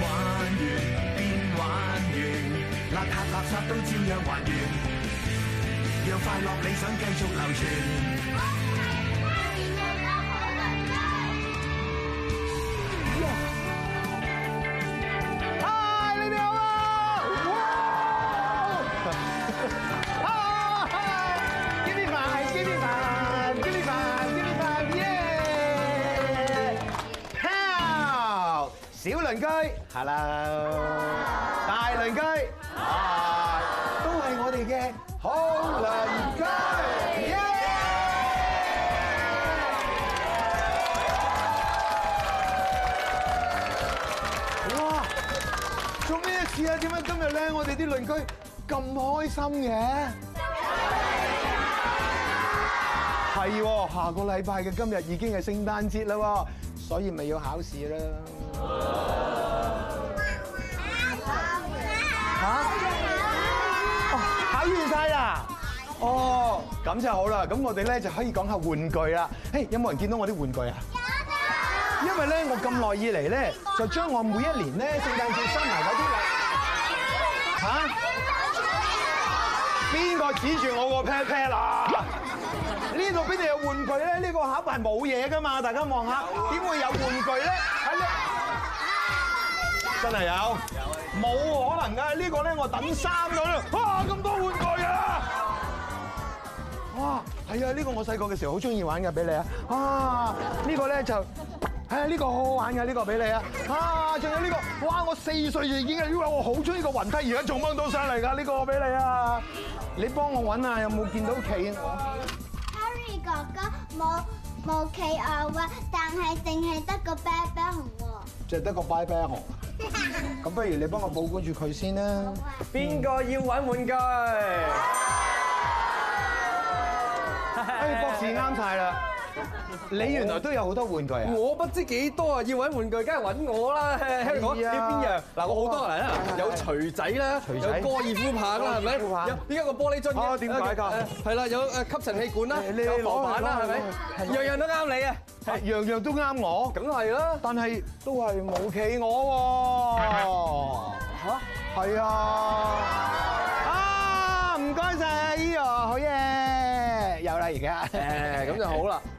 玩完便玩完，邋遢垃圾，垃圾都照樣還原，讓快樂理想繼續流傳。小鄰居，Hello，大鄰居，係，都係我哋嘅好鄰居。哇，做咩事啊？點解今日咧，我哋啲鄰居咁開心嘅？係喎，下個禮拜嘅今日已經係聖誕節啦喎。所以咪要考試啦！嚇，考完晒啦！哦，咁就好啦。咁我哋咧就可以講下玩具啦。誒，有冇人見到我啲玩具啊？因為咧，我咁耐以嚟咧，就將我每一年咧聖誕節生埋嗰啲。吓？邊個指住我個屁屁啦？呢度邊度有玩具咧？呢個盒係冇嘢㗎嘛？大家望下，點會有玩具咧？啊、真係有冇可能㗎？呢個咧，我等三秒啦。哇、啊！咁多玩具啊！哇，係啊！呢個我細個嘅時候好中意玩嘅，俾你啊！哇，呢個咧就誒呢個好好玩嘅，呢個俾你啊！啊，仲有呢個，哇！我四歲就已經因為我好中意個雲梯，而家仲掹到上嚟㗎，呢個俾你啊！你幫我揾下有冇見到企我？哥哥冇冇企鵝啊，但係淨係得個啤啤熊喎，着得個啤啤熊，咁 不如你幫我保管住佢先啦。邊個要搵玩，玩具？博士啱晒啦。你原來都有好多玩具啊！我不知幾多啊！要揾玩具，梗係揾我啦。香港要邊樣？嗱，我好多人啊，有錘仔啦，有高爾夫棒啦，係咪？有呢一個玻璃樽。哦，點解㗎？係啦，有誒吸塵器管啦，有網板啦，係咪？樣樣都啱你啊！係，樣樣都啱我。梗係啦。但係都係冇企鵝喎。嚇？係啊。啊！唔該晒啊，Eyo，好嘢，有啦，而家咁就好啦。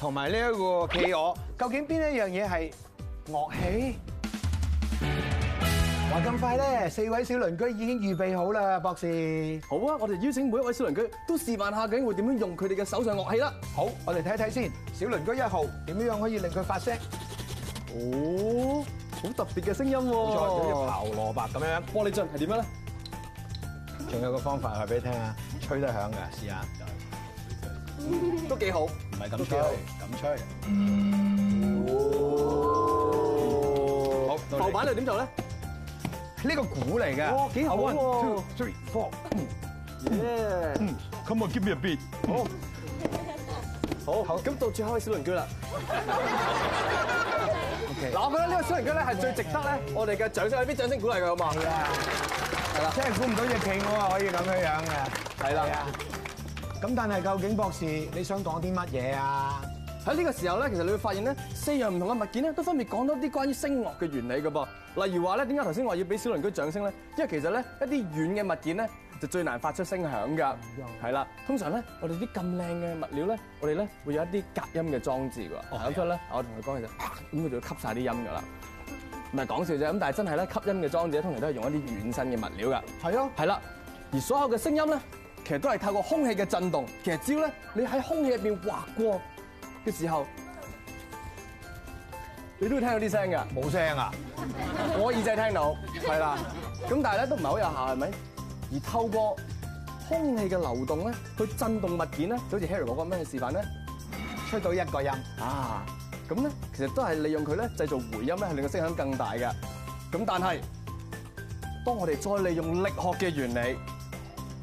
同埋呢一個企鵝，究竟邊一樣嘢係樂器？話咁快咧，四位小鄰居已經預備好啦，博士。好啊，我哋邀請每一位小鄰居都示範下，究竟會點樣用佢哋嘅手上樂器啦。好，我哋睇一睇先，小鄰居一號點樣可以令佢發聲？哦，好特別嘅聲音喎。好似刨蘿蔔咁樣，玻璃樽係點樣咧？仲有個方法話俾你聽啊，吹得響㗎，試下都幾好。唔係咁吹，咁吹。好，浮板你點做咧？呢個鼓嚟嘅，幾好。One, two, three, four. Yeah. Come on, give me a beat. 好。好。咁到最後小龍捲啦。OK。嗱，我覺得呢個小龍卷咧係最值得咧，我哋嘅掌聲，有啲掌聲鼓勵㗎嘛。係啊。係啦。真係估唔到你企我啊，可以咁樣樣嘅。係啦。咁但係究竟博士你想講啲乜嘢啊？喺呢個時候咧，其實你會發現咧，四樣唔同嘅物件咧，都分別講多啲關於聲樂嘅原理嘅噃。例如話咧，點解頭先話要俾小鄰居掌聲咧？因為其實咧，一啲軟嘅物件咧，就最難發出聲響㗎。係啦、嗯嗯，通常咧，我哋啲咁靚嘅物料咧，我哋咧會有一啲隔音嘅裝置㗎。咁出咧，我同佢講嘅就咁，佢就要吸曬啲音㗎啦。唔係講笑啫，咁但係真係咧，吸音嘅裝置通常都係用一啲軟身嘅物料㗎。係啊、嗯，係、嗯、啦，而所有嘅聲音咧，其實都係透過空氣嘅震動，其實只要咧你喺空氣入邊滑過嘅時候，你都會聽到啲聲㗎，冇聲啊？ 我耳仔聽到，係啦。咁但係咧都唔係好有效，係咪？而透過空氣嘅流動咧，去震動物件咧，就好似 Harry 哥哥咁樣示範咧，出到一個音啊。咁咧其實都係利用佢咧製造回音咧，令個聲響更大㗎。咁但係當我哋再利用力學嘅原理。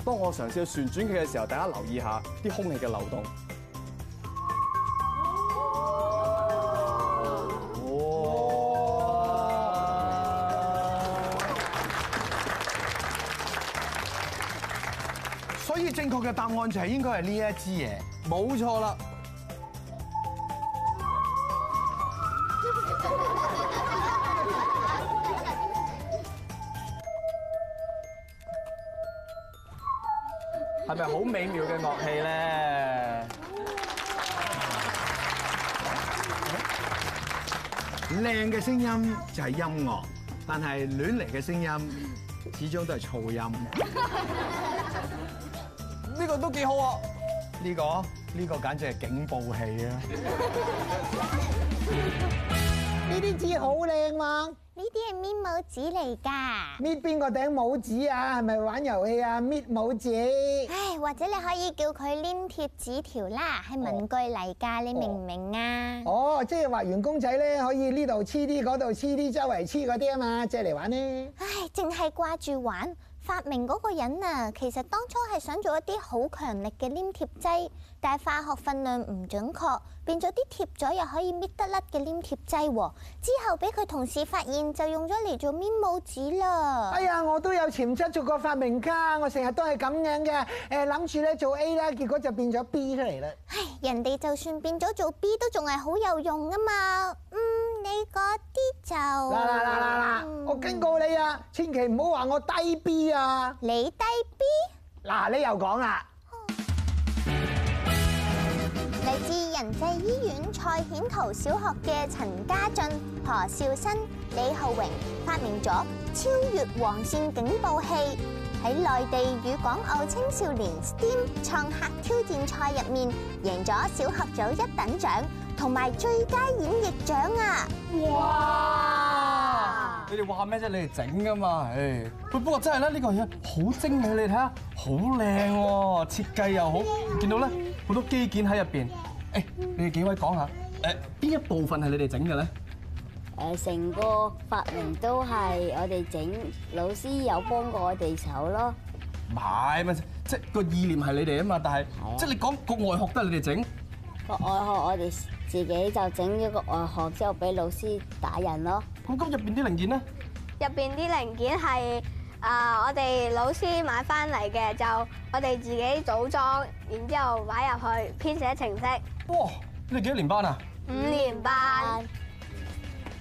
當我嘗試去旋轉佢嘅時候，大家留意下啲空氣嘅流動。哇！哇！所以正確嘅答案就係應該係呢一支嘢，冇錯啦。美妙嘅樂器咧，靚嘅聲音就係音樂，但係亂嚟嘅聲音始終都係噪音。呢個都幾好啊！呢個呢個簡直係警報器啊！呢啲字好靚嘛！搣帽子嚟噶，搣邊個頂帽子啊？係咪玩遊戲啊？搣帽子，唉，或者你可以叫佢粘貼紙條啦，係文具嚟噶，哦、你明唔明啊？哦，即係畫完公仔咧，可以呢度黐啲，嗰度黐啲，周圍黐嗰啲啊嘛，借嚟玩咧。唉，淨係掛住玩。發明嗰個人啊，其實當初係想做一啲好強力嘅黏貼劑，但係化學分量唔準確，變咗啲貼咗又可以搣得甩嘅黏貼劑。之後俾佢同事發現，就用咗嚟做面膜紙啦。哎呀，我都有潛質做個發明家，我成日都係咁樣嘅，誒諗住咧做 A 啦，結果就變咗 B 出嚟啦。唉，人哋就算變咗做 B 都仲係好有用啊嘛。嗯嗰啲就，嗱嗱嗱嗱嗱， 我警告你啊，千祈唔好話我低 B 啊！你低 B？嗱，你又講啦。仁濟醫院蔡衍濤小學嘅陳加晉、何紹燊、李浩榮發明咗超越黃線警報器，喺內地與港澳青少年 STEM 創客挑戰賽入面贏咗小學組一等獎同埋最佳演繹獎啊！哇！你哋話咩啫？你哋整噶嘛？誒、哎，哇不過真係咧，呢、這個嘢好精美，你睇下，好靚喎，設計又好，見、嗯、到咧好多機件喺入邊。你哋幾位講下？誒，邊一部分係你哋整嘅咧？誒，成個發明都係我哋整，老師有幫過我哋手咯。唔係咪？即個意念係你哋啊嘛，但係即你講個外殼都係你哋整。個外殼我哋自己就整咗個外殼，之後俾老師打印咯。咁咁入邊啲零件咧？入邊啲零件係。啊！我哋老師買翻嚟嘅，就我哋自己組裝，然之後擺入去編寫程式。哇！你哋幾年班啊？五年班。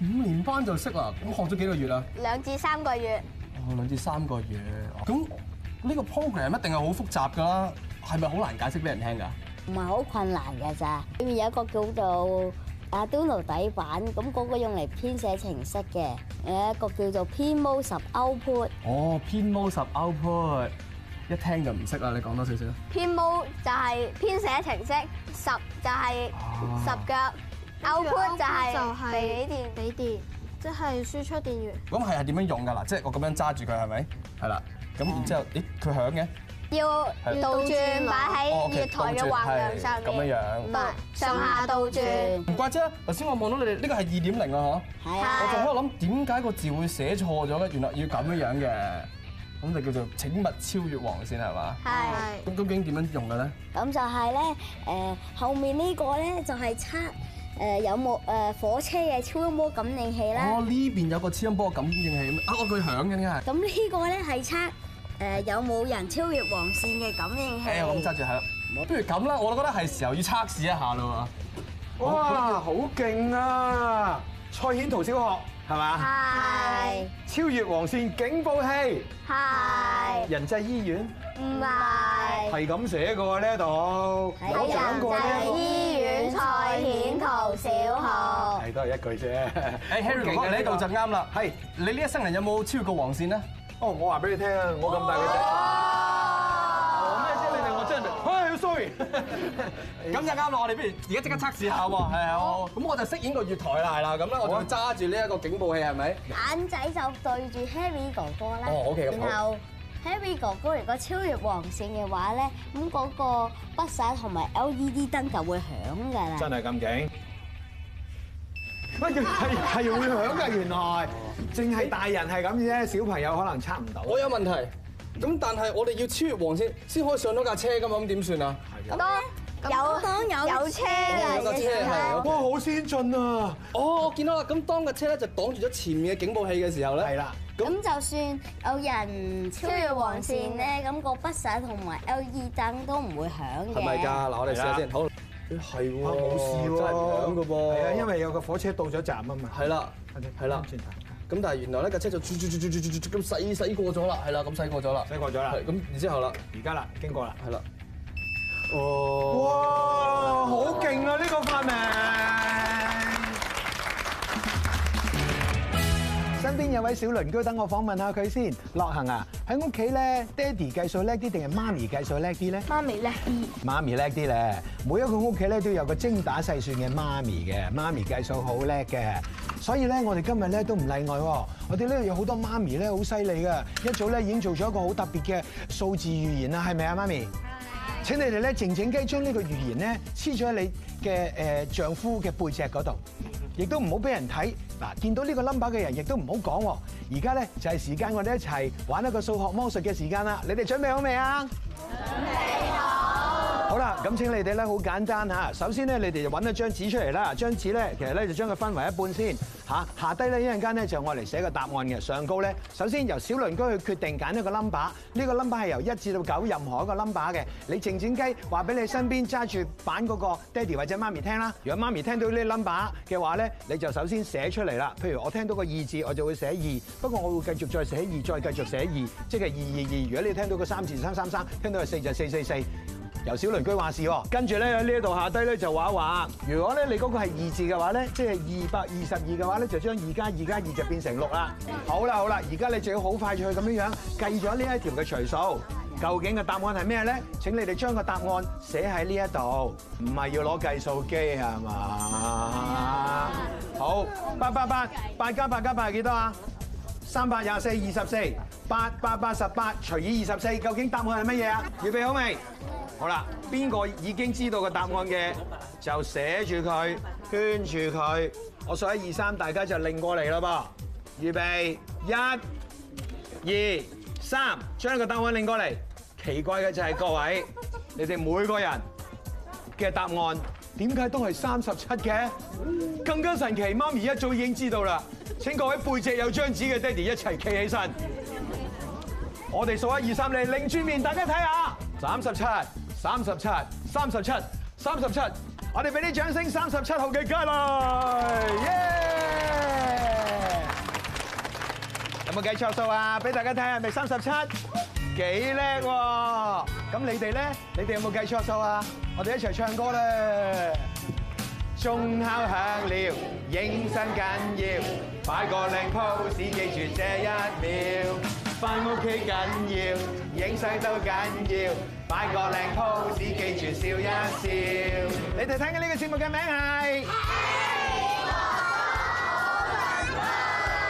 五年班就識啦？咁學咗幾個月啦？兩至三個月。兩至三個月，咁呢個 program 一定係好複雜噶啦，係咪好難解釋俾人聽噶？唔係好困難噶咋，裏面有一個叫做。Arduino 底板咁嗰個用嚟編寫程式嘅有一個叫做 Pin Mode 十 Output 哦、oh, Pin Mode 十 Output 一聽就唔識啊！你講多少少 Pin Mode 就係編寫程式，十就係十腳 Output 就係俾電俾電，即係輸出電源。咁係係點樣用噶？嗱、就是，即係我咁樣揸住佢係咪？係啦，咁然之後，咦、嗯，佢響嘅。要倒轉擺喺月台嘅橫梁上面，唔係上下倒轉。唔怪之啦，頭先我望到你哋呢個係二點零啊，嗬。係啊。我仲喺度諗點解個字會寫錯咗咧？原來要咁樣樣嘅，咁就叫做請勿超越黃線，係嘛？係。咁究竟點樣用嘅咧？咁就係咧，誒後面呢個咧就係測誒有冇誒火車嘅超音波感應器啦。哦，呢邊有個超音波感應器咩？啊，我佢響緊㗎。咁呢個咧係測。誒， 有冇人超越黃線嘅感應器？誒，我揸住係，不如咁啦，我都覺得係時候要測試一下咯。哇，好勁啊！蔡顯圖小學係嘛？係。Hi. 超越黃線警報器。係。Hi. 人際醫院？唔係是。係咁寫嘅喎呢度，喺人際醫院蔡顯圖小學。係都係一句啫。誒，Harry 哥、 這個、你呢度就啱啦。係，你呢一生人有冇超越過黃線咧？哦，我話俾你聽啊，我咁大嘅聲，咩聲哇、哦、你哋我真係，哎，sorry，咁 就啱啦，我哋不如而家即刻測試下喎，係啊，咁好我就飾演個月台啦，係啦，咁咧我就揸住呢一個警報器，係咪？眼仔就對住 Harry 哥哥啦，哦，OK，咁好，然後的 Harry 哥哥如果超越黃線嘅話咧，咁、那、嗰個北閃同埋 LED 燈就會響㗎啦，真係咁勁！乜嘢係係會響㗎？原來淨係大人係咁啫，小朋友可能測唔到。我有問題，咁但係我哋要超越黃線先可以上到架車㗎嘛？咁點算啊？咁咧有有有車嘅，有架車，係都係好先進啊！哦，我見到啦，咁當架車咧就擋住咗前面嘅警報器嘅時候咧，係啦。咁就算有人超越黃線咧，咁個不省同埋 LED 燈都唔會響嘅。係咪㗎？嗱，我哋試下先，好。係冇事真係咁嘅噃。係啊，因為有架火車到咗站啊嘛。係啦，係啦。咁但係原來呢架車就咁駛駛過咗啦，係啦，咁駛過咗啦，駛過咗啦。咁然之後啦，而家啦，經過啦，係啦。哦。哇！好勁啊！呢個發明。嗰邊有位小鄰居等我訪問下佢先。樂恆啊，喺屋企咧，爹哋計數叻啲定係媽咪計數叻啲咧？媽咪叻啲。媽咪叻啲咧，每一個屋企咧都有個精打細算嘅媽咪嘅，媽咪計數好叻嘅。所以咧，我哋今日咧都唔例外，我哋呢度有好多媽咪咧好犀利㗎。一早咧已經做咗一個好特別嘅數字預言啦，係咪啊，媽咪？係嗨。請你哋咧靜靜雞將呢個預言咧黐咗喺你嘅誒丈夫嘅背脊嗰度。亦都唔好俾人睇，嗱，見到呢個 number 嘅人亦都唔好講喎。而家咧就係時間，我哋一齊玩一個數學魔術嘅時間啦。你哋準備好未啊？好啦，咁請你哋咧，好簡單嚇。首先咧，你哋就揾一張紙出嚟啦。張紙咧，其實咧就將佢分為一半先嚇。下低咧一陣間咧就我嚟寫個答案嘅上高咧。首先由小鄰居去決定揀一個 number，呢個 number 係由一至到九任何一個 number 嘅。你靜靜雞話俾你身邊揸住版嗰個爹哋或者媽咪聽啦。如果媽咪聽到呢個 number 嘅話咧，你就首先寫出嚟啦。譬如我聽到個二字，我就會寫二。不過我會繼續再寫二，再繼續寫二，即係二二二。如果你聽到個三字，三三三；聽到個四就四四四。由小鄰居話事喎，跟住咧喺呢一度下低咧就話話，如果咧你嗰個係二字嘅話咧，即係二百二十二嘅話咧，就將二加二加二就變成六啦。好啦好啦，而家你就要好快脆咁樣樣計咗呢一條嘅除數，究竟嘅答案係咩咧？請你哋將個答案寫喺呢一度，唔係要攞計數機係嘛？啊、好，八八八，八加八加八係幾多啊？三百廿四、二十四、八百八十八除以二十四，究竟答案係乜嘢啊？預備好未？好啦，邊個已經知道個答案嘅就寫住佢，圈住佢。我數一、二、三，大家就擰過嚟啦噃。預備，一、二、三，將個答案擰過嚟。奇怪嘅就係、是、各位，你哋每個人嘅答案。點解都係三十七嘅？更加神奇，媽咪一早已經知道啦。請各位背脊有張紙嘅爹哋一齊企起身。我哋數一二三，零，擰轉面，大家睇下。三十七，三十七，三十七，三十七。我哋俾啲掌聲，三十七號嘅家來，耶！有冇計錯數啊？俾大家睇下，係咪三十七？幾叻喎！咁你哋咧？你哋有冇計錯數啊？我哋一齊唱歌啦！鐘敲響了，影相緊要，擺個靚 pose 記住這一秒，翻屋企緊要，影相都緊要，擺個靚 pose 記住笑一笑。你哋聽緊呢個節目嘅名係？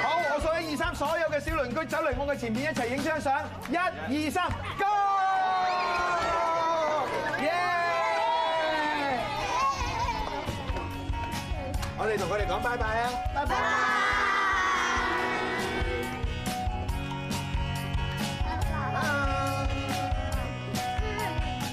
好，我數一二三，所有嘅小鄰居走嚟我嘅前面一齊影張相，一二三，Go！我哋同佢哋講拜拜啊！拜拜！拜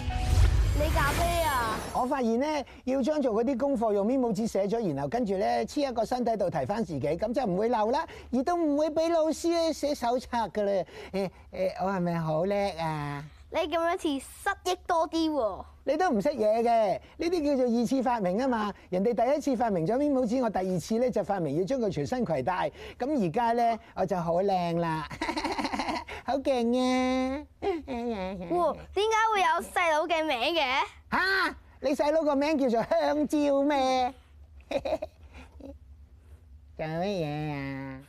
拜！你咖啡啊！我發現咧，要將做嗰啲功課用 memo 紙寫咗，然後跟住咧黐一個身體度提翻自己，咁就唔會漏啦，亦都唔會俾老師寫手冊噶啦。誒誒，我係咪好叻啊？你咁樣似失憶多啲喎。啊！你都唔識嘢嘅，呢啲叫做二次發明啊嘛！人哋第一次發明咗邊帽子，我第二次咧就發明要將佢全身攜帶。咁而家咧，我就 好靚啦害、啊，好勁嘅喎，點解會有細佬嘅名嘅？嚇、啊！你細佬個名叫做香蕉咩？仲 有乜嘢啊？